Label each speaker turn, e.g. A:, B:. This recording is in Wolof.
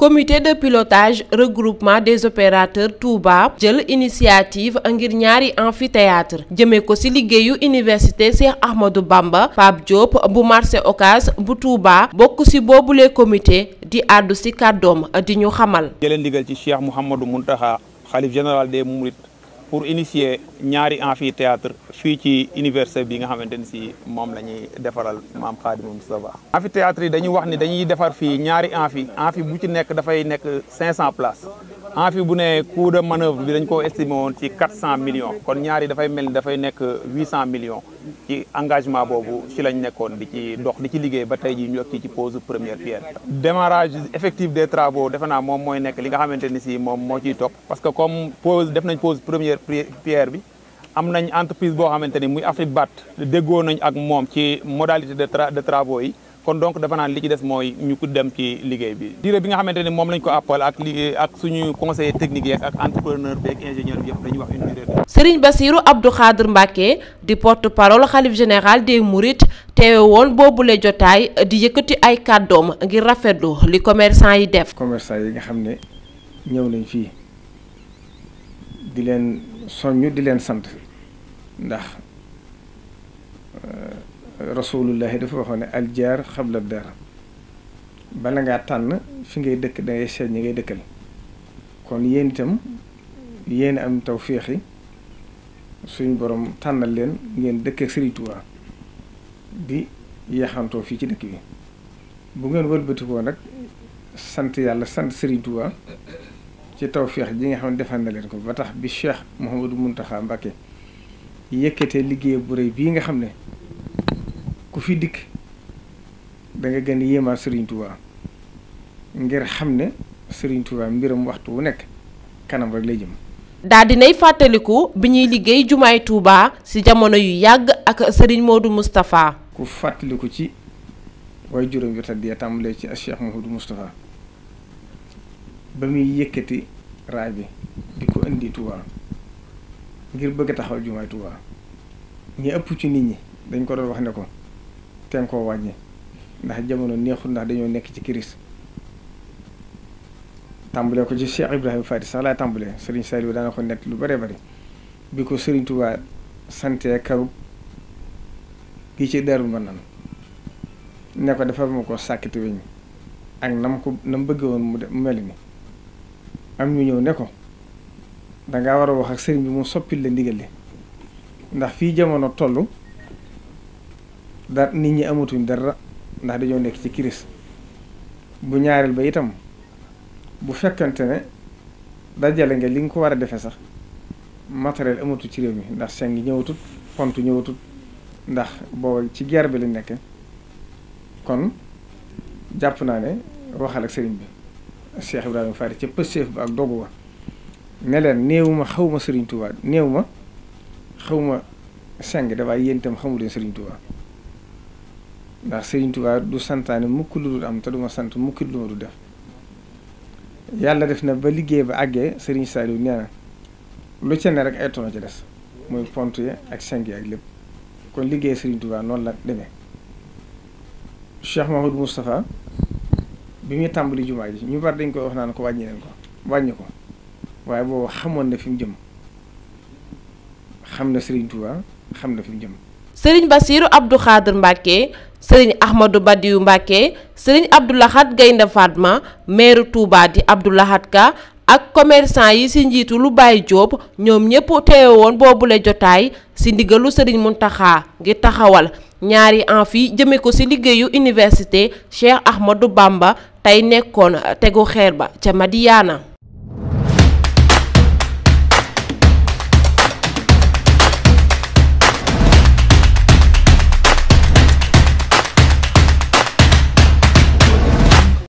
A: comité de pilotage regroupement des opérateurs Touba jël initiative ngir ñaari amphithéâtre jëmee ko ci liggéeyu iniversité Cheikh Ahmadou Bamba Pape Diop bu marché ocas bu Touba bokk ci boobule comité di àddu ci kàddoom di ñu xamal.
B: jëlee ndigal ci Cheikh Mouhamadou Mountakha xalif général des Mourides. pour initier ñaari amphithéâtre fii ci université bi nga xamante ni si moom la ñuy defaral maam Khadimou Moustapha amphithéâtre yi dañuy wax ni dañuy defar fii ñaari enfie amphi bu ci nekk dafay nekk 500 places en fi bu ne coût de manœuvre bi dañ koo estimé woon ci quatre cent millions kon ñaari dafay mel ni dafay nekk huit cent millions ci engagement boobu ci lañ nekkoon di ci dox di ci liggéey ba tey ji ñu ëkk ci pose première pierre. démarrage effectif des travaux defe moom mooy nekk li nga xamante ni si moom moo ciy topp parce que comme pose def nañ pose première pierre bi. am nañ entreprise boo xamante ni muy Afribat déggoo nañ ak moom ci modalité de travaux yi kon donc dafa naan li ci des mooy ñu ko dem ci liggéey bi durée bi nga xamante ni moom lañ ko appal ak liggéey ak suñu conseiller technique yeeg ak entrepreneur beeg ingénieur bi yëpp wax une
A: durée Serigne Bassirou Abdou Khadr Mbacké di porte-parole xalif général de Mourides teewe woon boobule jotaay di yëkkati ay kàddoom ngir rafetlu li commerçant yi def commerçant yi nga xam ne
C: ñëw nañ fii di leen soññ di leen sant ndax rasulullahi dafa waxoon ne aljaar xabla daar bala ngaa tànn fi ngay dëkk dangay seet ñi ngay dëkkal kon yéen itam yéen am taw féexi suñ boroom tànnal leen ngeen dëkk ak Sëriñ Tuubaa bi yaxantoo fii ci dëkk bi bu ngeen wëlbatikoo nag sant yàlla sant Sëriñ Tuubaa ci taw féex ji nga xam ne defal na leen ko ba tax bi Cheikh Mouhamadou muntaxa Mbacké yëkkatee liggéey bu rëy bii nga xam ne ku fi dikk danga nga gën sëriñ yéemaa ngir xam ne Serigne Touba mbiram waxtu wu nekk
A: kanam rek lay jëm. daal nay fàttaliku bi ñuy liggéey jumaay Touba ci jamono yu yàgg ak sëriñ Modou Moustapha. ku fàttaliku ci waaye juróom yu tàddee tàmbalee ci Cheikh Modou Moustapha
C: ba muy yëkkati raay bi di ko indi Touba ngir bëgg taxaw jumaay Touba ñi ëpp ci nit ñi dañ ko doon wax ne ko. teen koo wàññi ndax jamono neexul ndax dañoo nekk ci kiris tàmbalee ko ci Cheikh Ibrahima Fati sax laay tàmbalee Serigne Saliou daana ko nett lu bare bëri bi ko Serigne Touba santee karub gi ci ma Manaan ne ko defar ma ko sàkkiti weñ ak nam ko nam bëgge woon mu mel ni am ñu ñëw ne ko dangaa war a wax ak sëriñ bi mu soppil la ndigal li ndax fii jamono toll da nit ñi amatuñ dara ndax dañoo nekk ci kiris bu ñaareel ba itam bu fekkante ne dajale nga li nga ko war a defee sax matériel amatu ci réew mi ndax seng ñëwatut pont ñëwatut ndax booba ci guerre bi lañ nekk kon jàpp naa ne waxal ak sëriñ bi Cheikh Ibrahima Faty ca pëstéef ba ak dogu wa ne leen néew ma xaw ma sëriñ Tuubaa néew ma xaw seng dafay yéen itam xamu leen sëriñ Tuubaa ndax Sëriñ Tuubaa du santaane mukk lu dul am te duma sant mukk lu ma du def yàlla def na ba liggéey ba àggee Sëriñ Saliou nee na lu ca rek ay tono ci des mooy pont yi ak seng yi ak lépp kon liggéey Sëriñ Tuubaa noonu la demee Cheikh Mahamadou Moustapha bi muy tàmbali jumaa ji ñu bari dañ koy wax naan ko wàññi leen ko wàññi ko waaye boobu xamoon na fi mu jëm xam na Sëriñ Tuubaa xam na fi jëm
A: Sëriñ Bassirou Abdou Khadre Mbacké sëriñ Ahmadou Badiou Mbacké sëriñ Abdou Lahad Gaynde Fatma maire Touba di Abdou Lahad Ka ak commerçant yi si njiitu lu bàyyi Diop ñoom ñëpp teewe woon boobule jotaay si ndigalu sëriñ Mountakha ngir taxawal ñaari amphi jëme ko ci liggéeyu université Cheikh Ahmadou Bamba tey nekkoon tegu xeer ba ca Madiyaana